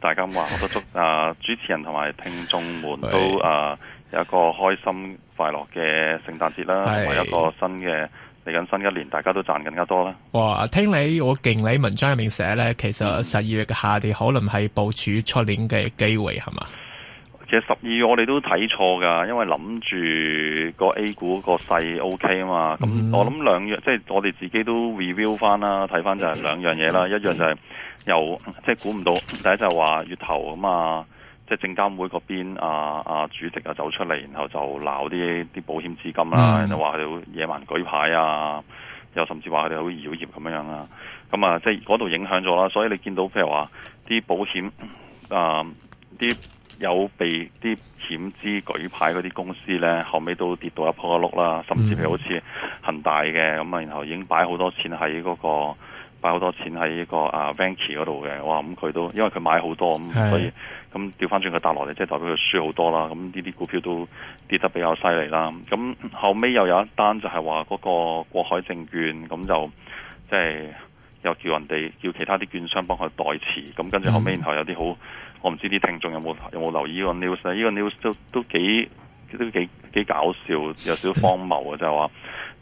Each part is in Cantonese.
大家話好多祝啊、呃、主持人同埋聽眾們都啊、呃、有一個開心快樂嘅聖誕節啦，同埋一個新嘅嚟緊新一年，大家都賺更加多啦。哇！聽你我勁，你文章入面寫呢，其實十二月嘅下跌可能係部署出年嘅機會，係嘛？其實十二月我哋都睇錯噶，因為諗住個 A 股個勢 OK 啊嘛。咁、嗯、我諗兩樣，即、就、係、是、我哋自己都 review 翻啦，睇翻就係兩樣嘢啦。嗯、一樣就係又即係估唔到，第一就係話月頭咁嘛，即、嗯、係、就是、證監會嗰邊啊啊主席啊走出嚟，然後就鬧啲啲保險資金啦，嗯、就話佢哋野蠻舉牌啊，又甚至話佢哋好妖孽咁樣啊。咁啊，即係嗰度影響咗啦。所以你見到譬如話啲保險啊啲。有被啲險資舉牌嗰啲公司咧，後尾都跌到一仆一碌啦，甚至係好似恒大嘅咁啊，然後已經擺好多錢喺嗰、那個擺好多錢喺呢、這個啊 Vanke 嗰度嘅，哇咁佢、嗯、都因為佢買好多咁、嗯，所以咁掉翻轉佢跌落嚟，即係代表佢輸好多啦。咁呢啲股票都跌得比較犀利啦。咁、嗯、後尾又有一單就係話嗰個國海證券咁、嗯、就即係。又叫人哋叫其他啲券商幫佢代持，咁跟住後尾，然後有啲好，我唔知啲聽眾有冇有冇留意個呢、呢個 news 呢個 news 都都幾都幾幾搞笑，有少少荒謬啊！就話、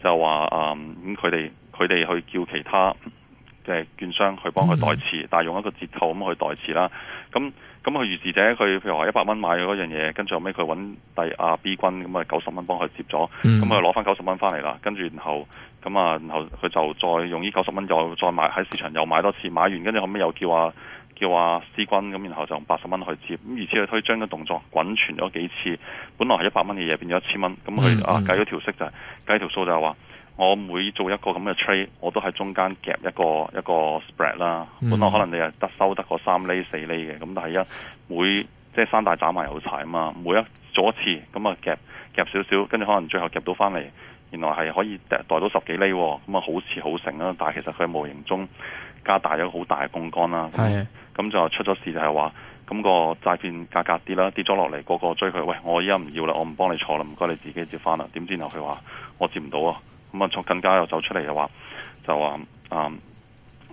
係、就話啊，咁佢哋佢哋去叫其他嘅券商去幫佢代持，嗯、但係用一個折扣咁去代持啦。咁咁佢預置者，佢譬如話一百蚊買嗰樣嘢，跟住後尾佢揾第阿、啊、B 君，咁啊九十蚊幫佢接咗，咁啊攞翻九十蚊翻嚟啦，跟住然後。咁啊，然後佢就再用呢九十蚊又再買喺市場又買多次，買完跟住後尾又叫啊叫啊思君咁，然後就用八十蚊去接，咁如此類推，將個動作滾存咗幾次。本來係一百蚊嘅嘢變咗一千蚊，咁佢啊計咗條息就係計條數就係話，我每做一個咁嘅 trade 我都喺中間夾一個一個 spread 啦。本來可能你係得收得個三厘四厘嘅，咁但係一每即係山大斬埋有柴啊嘛，每一做一次咁啊夾夾少少，跟住可能最後夾到翻嚟。原來係可以代到十幾厘、哦，咁啊好似好成啦，但係其實佢模型中加大咗好大嘅槓杆啦。咁的就出咗事就係話，咁、那個債券價格跌啦，跌咗落嚟，個個追佢，喂，我依家唔要啦，我唔幫你坐啦，唔該你自己接翻啦。點知然後佢話我接唔到啊，咁啊，再更加又走出嚟又話就話啊，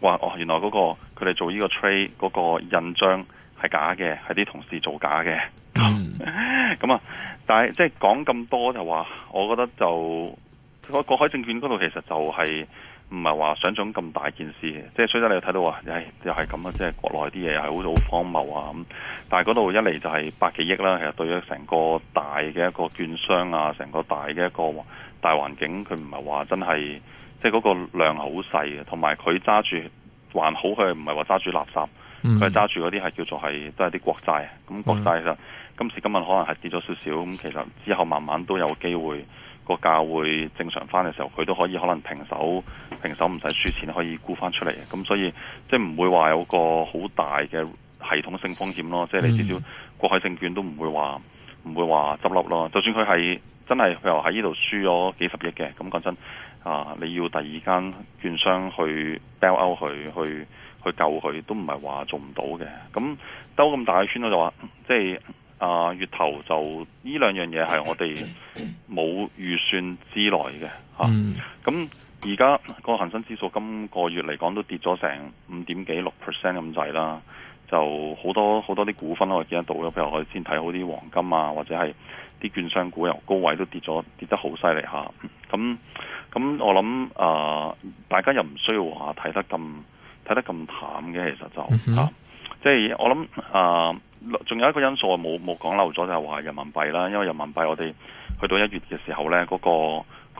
話、嗯、哦原來嗰、那個佢哋做呢個 trade 嗰個印章係假嘅，係啲同事做假嘅。咁啊、嗯， 但係即係講咁多就話，我覺得就。個國海證券嗰度其實就係唔係話想做咁大件事，即係所以你又睇到話，又係咁啊！即係國內啲嘢係好好荒謬啊咁。但係嗰度一嚟就係百幾億啦，其實對咗成個大嘅一個券商啊，成個大嘅一個大環境，佢唔係話真係即係嗰個量好細嘅，同埋佢揸住還好，佢唔係話揸住垃圾，佢係揸住嗰啲係叫做係都係啲國債啊。咁國債其實、嗯、今時今日可能係跌咗少少，咁其實之後慢慢都有機會。個價會正常翻嘅時候，佢都可以可能平手，平手唔使輸錢可以沽翻出嚟，咁所以即係唔會話有個好大嘅系統性風險咯，即係你至少國海證券都唔會話唔會話執笠咯。就算佢係真係佢又喺呢度輸咗幾十億嘅，咁講真啊，你要第二間券商去 bail out 佢去去去救佢，都唔係話做唔到嘅。咁兜咁大嘅圈咯，就話即係。呃、啊，月頭就呢兩樣嘢係我哋冇預算之內嘅，嚇咁，而家個恒生指數今個月嚟講都跌咗成五點幾六 percent 咁滯啦，就好多好多啲股份我見得到，譬如我哋先睇好啲黃金啊，或者係啲券商股由高位都跌咗，跌得好犀利下咁，咁我諗、呃、大家又唔需要話睇得咁睇得咁淡嘅，其實就嚇即係我諗啊。嗯哼仲有一個因素，冇冇講漏咗就係話人民幣啦，因為人民幣我哋去到一月嘅時候呢，嗰個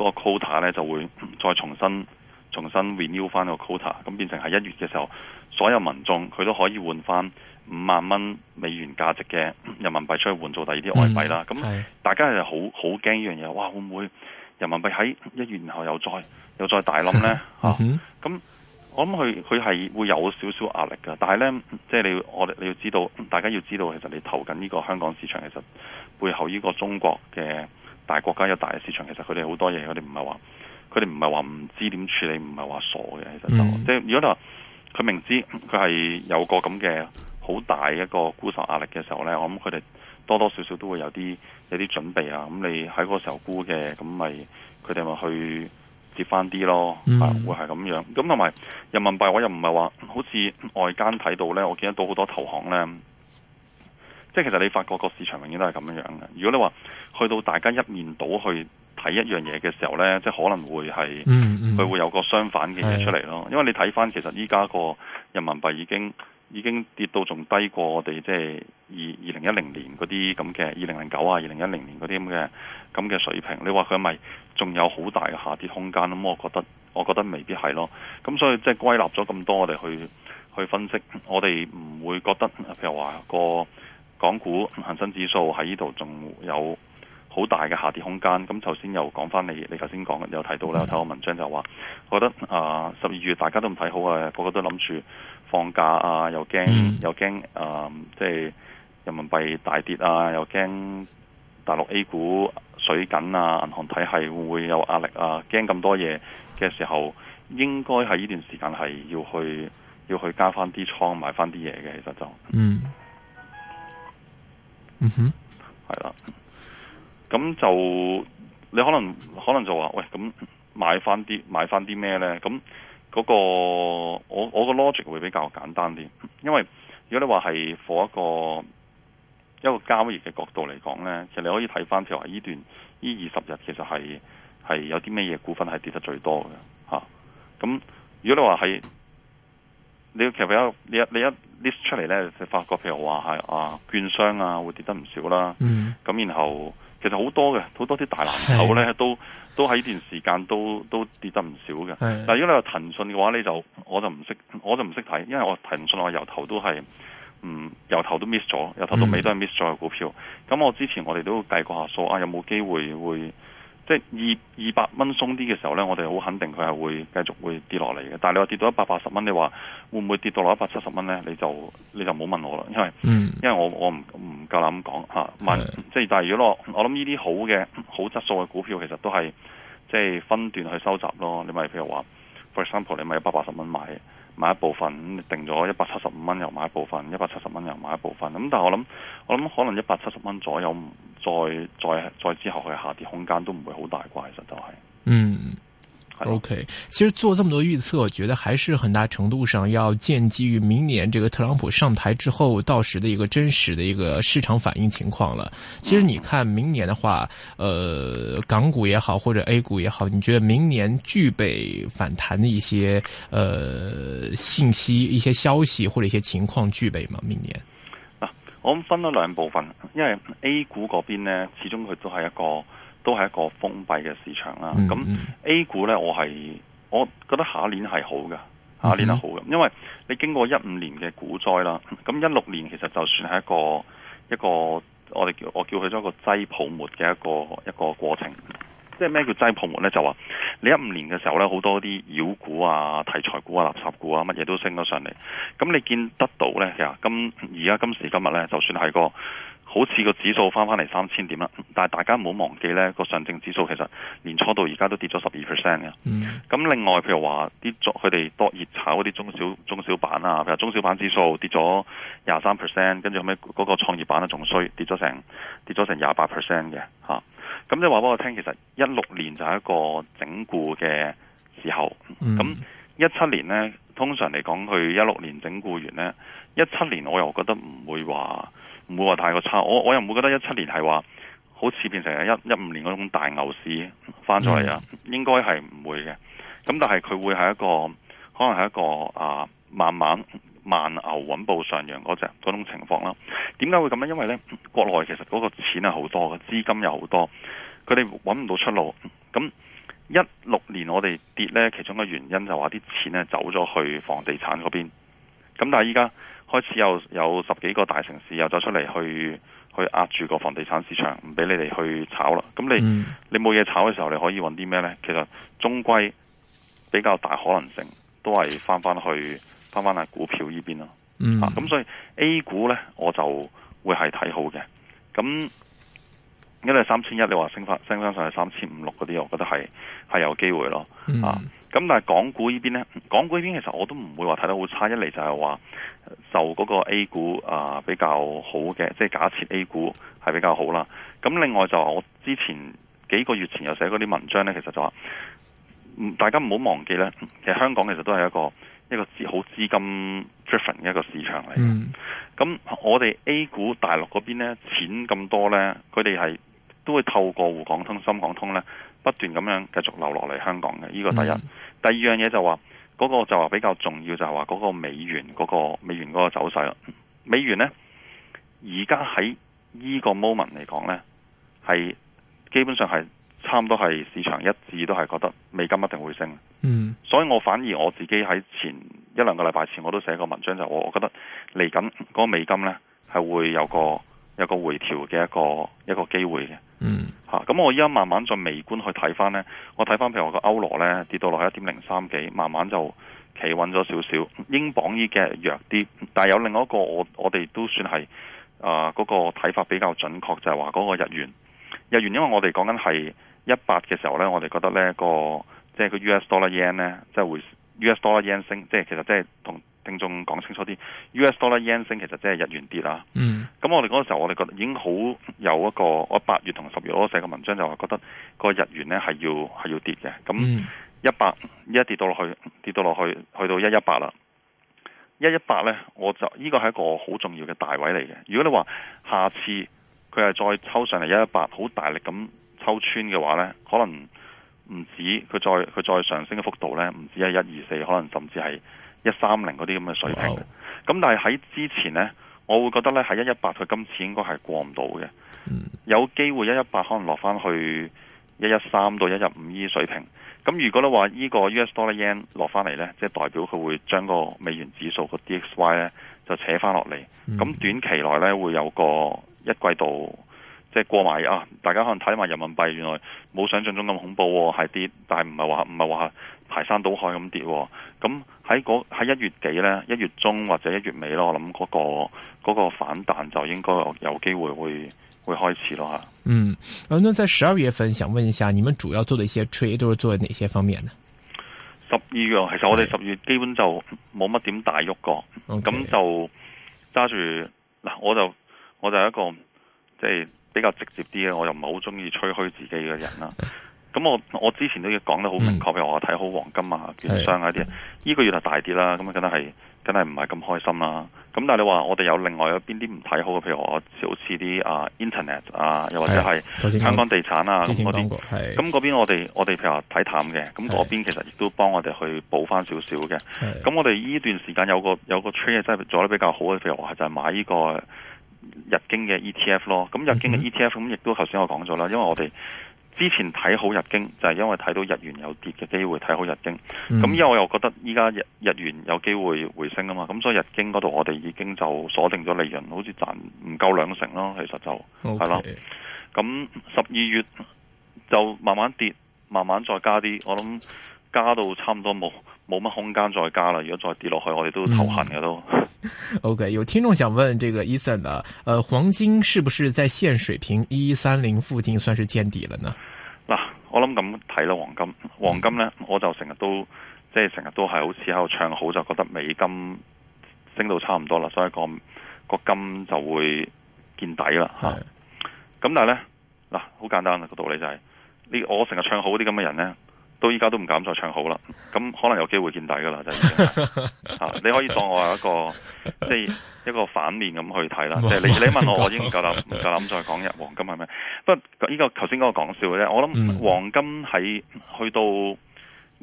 嗰個 quota 呢就會再重新重新 renew 翻個 quota，咁變成喺一月嘅時候，所有民眾佢都可以換翻五萬蚊美元價值嘅人民幣出去換做第二啲外幣啦。咁、嗯、大家就好好驚呢樣嘢，哇！會唔會人民幣喺一月然後又再又再大冧呢？嚇！咁。我諗佢佢係會有少少壓力噶，但係呢，即係你我哋你要知道，大家要知道，其實你投緊呢個香港市場，其實背後呢個中國嘅大國家有大嘅市場，其實佢哋好多嘢，佢哋唔係話佢哋唔係話唔知點處理，唔係話傻嘅。其實就即係如果你話佢明知佢係有個咁嘅好大一個沽售壓力嘅時候呢，我諗佢哋多多少少都會有啲有啲準備啊。咁、嗯、你喺嗰個時候沽嘅，咁咪佢哋咪去。跌翻啲咯，啊、嗯，會係咁樣，咁同埋人民幣我又唔係話，好似外間睇到呢，我見得到好多投行呢，即係其實你發覺個市場永遠都係咁樣嘅。如果你話去到大家一面倒去睇一樣嘢嘅時候呢，即係可能會係，佢、嗯嗯、會有個相反嘅嘢出嚟咯。因為你睇翻，其實依家個人民幣已經。已經跌到仲低過我哋即係二二零一零年嗰啲咁嘅二零零九啊，二零一零年嗰啲咁嘅咁嘅水平。你話佢咪仲有好大嘅下跌空間？咁我覺得，我覺得未必係咯。咁所以即係歸納咗咁多我哋去去分析，我哋唔會覺得譬如話個港股恒生指數喺呢度仲有好大嘅下跌空間。咁頭先又講翻你，你頭先講又提到啦，我睇個文章就話，我覺得啊十二月大家都唔睇好啊，個個都諗住，放假啊，又驚、mm. 又驚，誒、呃，即、就、係、是、人民幣大跌啊，又驚大陸 A 股水緊啊，銀行體系會有壓力啊？驚咁多嘢嘅時候，應該係呢段時間係要去要去加翻啲倉，買翻啲嘢嘅，其實就嗯嗯哼，係啦、mm. mm，咁、hmm. 就你可能可能就話「喂，咁買翻啲買翻啲咩呢？」咁嗰、那個我我個 logic 會比較簡單啲，因為如果你話係貨一個一個交易嘅角度嚟講咧，其實你可以睇翻譬如話依段依二十日其實係係有啲咩嘢股份係跌得最多嘅嚇。咁、啊、如果你話係你其實你一你一 list 出嚟咧，你發覺譬如話係啊券商啊會跌得唔少啦。嗯，咁然後。其實好多嘅，好多啲大藍籌咧，都都喺呢段時間都都跌得唔少嘅。是的 但如果你話騰訊嘅話咧，你就，我就唔識，我就唔識睇，因為我騰訊我由頭都係，嗯由頭都 miss 咗，由頭到尾都係 miss 咗嘅股票。咁，嗯，我之前我哋都計過下數啊，有冇機會會？即係二二百蚊鬆啲嘅時候呢，我哋好肯定佢係會繼續會跌落嚟嘅。但係你話跌到一百八十蚊，你話會唔會跌到落一百七十蚊呢？你就你就唔好問我啦，因為、嗯、因為我我唔唔夠膽講吓問。即係但係如果我諗呢啲好嘅好質素嘅股票，其實都係即係分段去收集咯。你咪譬如話，for example，你咪一百八十蚊買買一部分，你定咗一百七十五蚊又買一部分，一百七十蚊又買一部分。咁但係我諗我諗可能一百七十蚊左右。再再再之後嘅下跌空間都唔會好大啩，其實就係、是、嗯吧，OK。其實做這麼多預測，我覺得還是很大程度上要建基於明年這個特朗普上台之後，到時的一個真實的一個市場反應情況了。其實你看明年的話，呃，港股也好或者 A 股也好，你覺得明年具備反彈的一些呃信息、一些消息或者一些情況具備嗎？明年？我分咗兩部分，因為 A 股嗰邊呢，始終佢都係一個都係一個封閉嘅市場啦。咁、mm hmm. A 股呢，我係我覺得下一年係好嘅，下一年係好嘅，mm hmm. 因為你經過一五年嘅股災啦，咁一六年其實就算係一個一個我哋叫我叫佢做一個擠泡沫嘅一個一個過程。即係咩叫擠泡沫咧？就話你一五年嘅時候咧，好多啲妖股啊、題材股啊、垃圾股啊，乜嘢都升咗上嚟。咁你見得到咧？其實今而家今時今日咧，就算係個好似個指數翻翻嚟三千點啦，但係大家唔好忘記咧，個上證指數其實年初到而家都跌咗十二 percent 嘅。咁、嗯、另外譬如話啲中，佢哋多熱炒嗰啲中小中小板啊，譬如中小板指數跌咗廿三 percent，跟住後尾嗰個創業板咧仲衰，跌咗成跌咗成廿八 percent 嘅嚇。咁即係話俾我聽，其實一六年就係一個整固嘅時候。咁一七年呢，通常嚟講，佢一六年整固完呢，一七年我又覺得唔會話唔會話太過差。我我又唔會覺得一七年係話好似變成一一五年嗰種大牛市翻咗嚟啊！Mm hmm. 應該係唔會嘅。咁但係佢會係一個，可能係一個啊，慢慢。慢牛穩步上揚嗰隻嗰種情況啦，點解會咁樣？因為呢，國內其實嗰個錢係好多嘅，資金又好多，佢哋揾唔到出路。咁一六年我哋跌呢，其中一個原因就話啲錢呢走咗去房地產嗰邊。咁但係依家開始有有十幾個大城市又走出嚟去去壓住個房地產市場，唔俾你哋去炒啦。咁你、嗯、你冇嘢炒嘅時候，你可以揾啲咩呢？其實終歸比較大可能性都係翻返去。翻翻喺股票呢邊咯，咁、嗯啊、所以 A 股呢，我就會係睇好嘅，咁因為三千一你話升翻升翻上去三千五六嗰啲，我覺得係係有機會咯，嗯、啊咁但係港股呢邊呢？港股呢邊其實我都唔會話睇得好差，一嚟就係話受嗰個 A 股啊、呃、比較好嘅，即係假設 A 股係比較好啦，咁另外就我之前幾個月前又寫嗰啲文章呢，其實就話大家唔好忘記呢。其實香港其實都係一個。一個好資金 driven 嘅一個市場嚟嘅，嗯、咁我哋 A 股大陸嗰邊錢錢咁多呢，佢哋係都會透過滬港通、深港通呢，不斷咁樣繼續流落嚟香港嘅，呢，這個第一。嗯，第二樣嘢就話，是，嗰，那個就話比較重要就係話嗰個美元嗰，那個美元嗰個走勢啦。美元呢，而家喺呢個 moment 嚟講呢，係基本上係。差唔多係市場一致都係覺得美金一定會升，嗯，所以我反而我自己喺前一兩個禮拜前我都寫個文章，就我覺得嚟緊嗰個美金呢係會有個有個回調嘅一個一個機會嘅，嗯，嚇、啊，咁我依家慢慢再微觀去睇翻呢，我睇翻譬如我個歐羅呢，跌到落去一點零三幾，慢慢就企穩咗少少，英鎊呢嘅弱啲，但係有另一個我我哋都算係啊嗰個睇法比較準確，就係話嗰個日元，日元因為我哋講緊係。一八嘅時候呢，我哋覺得呢個即係個 US dollar yen 呢，即係會 US dollar yen 升，即係其實即係同聽眾講清楚啲 US dollar yen 升，其實即係日元跌啦。嗯，咁我哋嗰個時候，我哋覺得已經好有一個，我八月同十月我寫個文章就話覺得個日元呢係要係要跌嘅。咁一百一跌到落去，跌到落去，去到一一八啦。一一八呢，我就呢個係一個好重要嘅大位嚟嘅。如果你話下次佢係再抽上嚟一一八，好大力咁。抽穿嘅話呢，可能唔止佢再佢再上升嘅幅度呢，唔止一一二四，可能甚至係一三零嗰啲咁嘅水平。咁 Wow. 但係喺之前呢，我會覺得呢喺一一八佢今次應該係過唔到嘅。Mm. 有機會一一八可能落翻去一一三到一一五二水平。咁如果咧話呢個 U.S. dollar yen 落翻嚟呢，即係代表佢會將個美元指數個 DXY 呢就扯翻落嚟。咁、mm. 短期內呢，會有個一季度。即係過埋啊！大家可能睇埋人民幣，原來冇想象中咁恐怖、哦，係跌，但係唔係話唔係話排山倒海咁跌、哦。咁喺嗰喺一月幾咧，一月中或者一月尾咯，我諗嗰、那個嗰、那個反彈就應該有，有機會會會開始咯吓。嗯，咁那在十二月份，想問一下，你們主要做的一些 trade 都是做哪些方面呢？十二月其實我哋十二月基本就冇乜點大喐過，咁、okay. 就揸住嗱，我就我就一個。即係比較直接啲嘅，我又唔係好中意吹噓自己嘅人啦。咁 我我之前都要講得好明確，譬、嗯、如我睇好黃金的啊、券商嗰啲。呢個月就大啲啦，咁啊，梗係梗係唔係咁開心啦。咁但係你話我哋有另外有邊啲唔睇好嘅？譬如我少似啲啊，Internet 啊，又或者係香港地產啊咁嗰啲。咁嗰的邊我哋我哋譬如話睇淡嘅，咁嗰邊其實亦都幫我哋去補翻少少嘅。咁的我哋呢段時間有個有個 trade 真係做得比較好嘅，譬如我就係、是、買呢、呢個，日經嘅 ETF 咯，咁日經嘅 ETF 咁亦都頭先我講咗啦，嗯、哼因為我哋之前睇好日經就係、是、因為睇到日元有跌嘅機會，睇好日經，咁、嗯、因為我又覺得依家日日元有機會回升啊嘛，咁所以日經嗰度我哋已經就鎖定咗利潤，好似賺唔夠兩成咯，其實就係 Okay. 啦，咁十二月就慢慢跌，慢慢再加啲，我諗加到差唔多冇。冇乜空間再加啦，如果再跌落去，我哋都頭痕嘅、嗯、都。OK，有聽眾想問，這個、Ethan 啊，誒、呃，黃金是不是在現水平一三零附近算是見底了呢？嗱，我諗咁睇啦，黃金，黃金呢，我就成日都即係成日都係好似喺度唱好，就覺得美金升到差唔多啦，所以、講個金就會見底啦咁的、啊、但係呢，嗱，好簡單啦，個道理就係，呢我成日唱好啲咁嘅人呢。到依家都唔敢再唱好啦，咁可能有機會見底噶啦，就已經你可以當我係一個 即係一個反面咁去睇啦。即係 你你問我，我已經唔夠膽再講一黃金係咪？ 不過呢個頭先嗰個講笑嘅啫，我諗黃金喺去到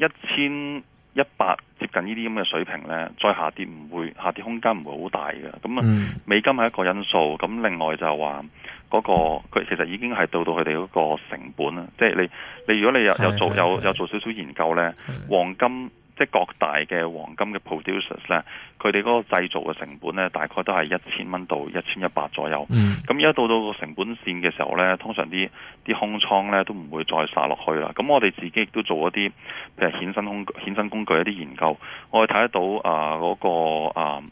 一千。一百接近呢啲咁嘅水平呢，再下跌唔會下跌空間唔會好大嘅。咁啊，美金係一個因素，咁另外就係話嗰個佢其實已經係到到佢哋嗰個成本啦。即係你你如果你有有做有有做少少少研究呢，黃金。即係各大嘅黃金嘅 producers 咧，佢哋嗰個製造嘅成本咧，大概都係一千蚊到一千一百左右。咁而家到到個成本線嘅時候咧，通常啲啲空倉咧都唔會再殺落去啦。咁我哋自己亦都做咗一啲譬如衍生工具、衍生工具一啲研究，我哋睇得到啊嗰個啊，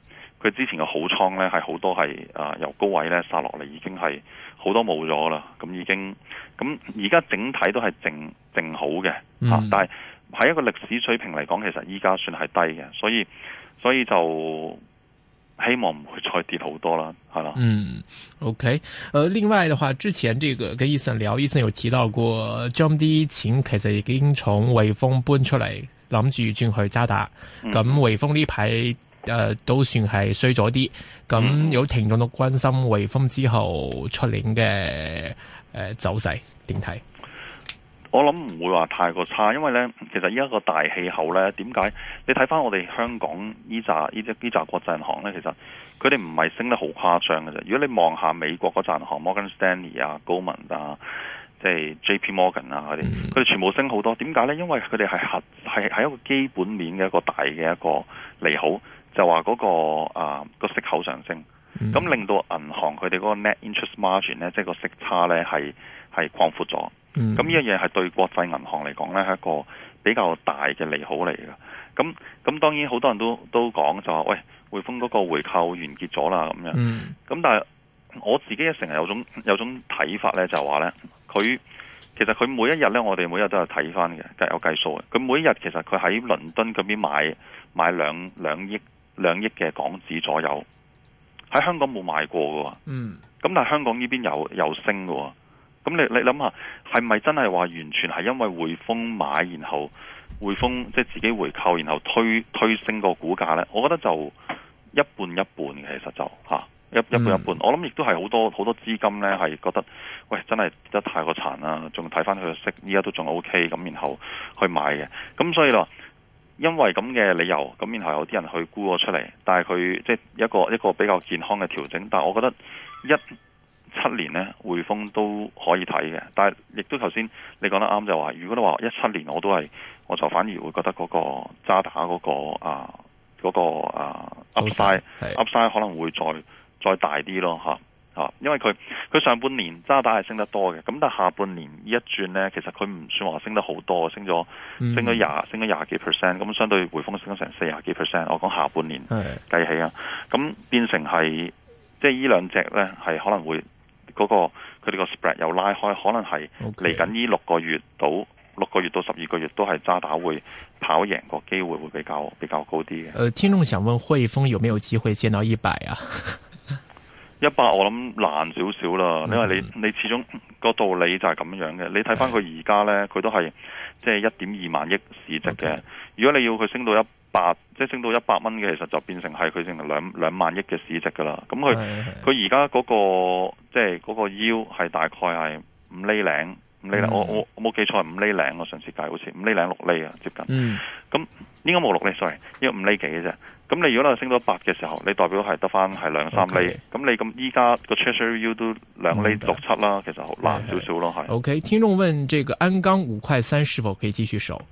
佢、嗰個啊、之前嘅好倉咧係好多係啊由高位咧殺落嚟，已經係好多冇咗啦。咁已經咁而家整體都係淨淨好嘅嚇、嗯啊，但係。喺一個歷史水平嚟講，其實依家算係低嘅，所以所以就希望唔會再跌好多啦，係啦。嗯，OK，誒、呃，另外嘅話，之前這個跟醫生聊，醫生有提到過，將啲錢其實已經從匯豐搬出嚟，諗住轉去渣打。咁匯豐呢排誒都算係衰咗啲，咁有聽眾都關心匯豐之後出年嘅誒、呃、走勢點睇？定我諗唔會話太過差，因為呢，其實依家個大氣候呢，點解你睇翻我哋香港呢扎呢啲扎國際銀行呢，其實佢哋唔係升得好誇張嘅啫。如果你望下美國嗰扎銀行，Morgan Stanley 啊、Goldman 啊、即係 J.P. Morgan 啊啲，佢哋全部升好多。點解、mm hmm. 呢？因為佢哋係係一個基本面嘅一個大嘅一個利好，就話嗰個啊個息口上升，咁、mm hmm. 令到銀行佢哋嗰個 net interest margin 呢，即係個息差呢，係係擴闊咗。是咁呢樣嘢係對國際銀行嚟講呢係一個比較大嘅利好嚟嘅。咁咁當然好多人都都講就話：「喂，匯豐嗰個回購完結咗啦。」咁樣。咁、嗯、但係我自己成日有種有種睇法呢，就話呢，佢其實佢每一日呢，我哋每一日都有睇翻嘅計有計數嘅。佢每一日其實佢喺倫敦嗰邊買買兩兩億兩億嘅港紙左右，喺香港冇買過喎。咁、嗯、但係香港呢邊有有升喎。咁你你諗下，係咪真係話完全係因為滙豐買，然後滙豐即係自己回購，然後推推升個股價呢？我覺得就一半一半其實就吓、啊、一一半一半。嗯、我諗亦都係好多好多資金呢，係覺得喂真係得太過殘啦，仲睇翻佢息，依家都仲 OK，咁然後去買嘅。咁所以咯，因為咁嘅理由，咁然後有啲人去沽咗出嚟，但係佢即係一個一個比較健康嘅調整。但係我覺得一。七年咧，匯豐都可以睇嘅，但係亦都頭先你講得啱就話，如果你話一七年我都係，我就反而會覺得嗰個渣打嗰、嗰個啊嗰、嗰個啊拾 Upside 是 Upside 可能會再再大啲咯吓，嚇、啊，因為佢佢上半年渣打係升得多嘅，咁但係下半年一轉呢一轉咧，其實佢唔算話升得好多，升咗、嗯、升咗廿升咗廿幾 percent，咁相對匯豐升咗成四十幾 percent，我講下半年計是起啊，咁變成係即係呢兩隻咧係可能會。嗰、那個佢哋個 spread 又拉開，可能係嚟緊呢六個月到六個月到十二個月都係渣打會跑贏個機會會比較比較高啲嘅。呃，聽眾想問匯豐有冇機會見到一百啊？ 一百我諗難少少啦，因為你你始終個道理就係咁樣嘅。你睇返佢而家呢，佢的都係即係一點二萬億市值嘅。Okay. 如果你要佢升到一百即係升到一百蚊嘅，其實就變成係佢變成兩兩萬億嘅市值噶啦。咁佢佢而家嗰個即係嗰個 U 係大概係五厘零，五厘零、嗯。我我冇記錯，五厘零我上次計好似五厘零六厘啊，接近。咁、嗯、應該冇六厘，sorry，因為五厘幾嘅啫。咁你如果咧升到百嘅時候，你代表係得翻係兩三厘。咁 okay, 你咁依家個 treasury U 都兩厘六七啦，其實好難少少咯，係。OK，聽眾問：這個鞍鋼五塊三是否可以繼續守？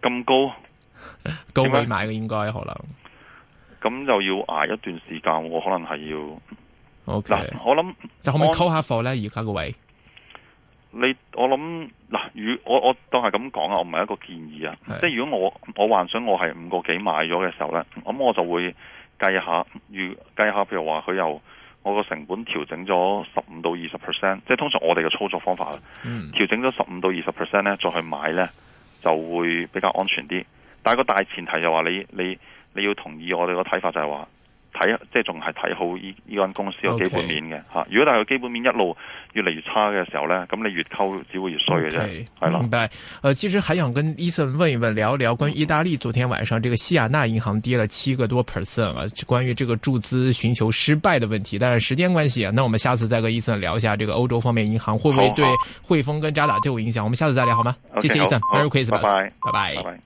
咁高。高位買嘅應該可能，咁就要捱一段時間 Okay.。我可能係要，ok 我諗就可唔可以溝下貨咧？而家個位，你我諗嗱，如我我，我當係咁講啊，我唔係一個建議啊。是即係如果我我幻想我係五個幾買咗嘅時候咧，咁、嗯、我就會計下預計下，譬如話佢由我個成本調整咗十五到二十 percent，即係通常我哋嘅操作方法，調整咗十五到二十 percent 咧，再去買咧，就會比較安全啲。但係個大前提就話你你你要同意我哋個睇法，就係話睇，即係仲係睇好依依間公司嘅基本面嘅吓。Okay. 如果但係個基本面一路越嚟越差嘅時候咧，咁你越溝只會越衰嘅啫。Okay. 的明白。誒、呃，其實還想跟 Eason 問一問，聊聊關於意大利昨天晚上這個西雅納銀行跌了七個多 percent 啊，關於這個注資尋求失敗的問題。但是時間關係啊，那我們下次再跟 Eason 聊一下，這個歐洲方面銀行會不會對匯豐跟渣打都有影響？我們下次再聊好嗎？Okay, 謝謝 Eason 好。拜拜 Harry Chris，拜拜。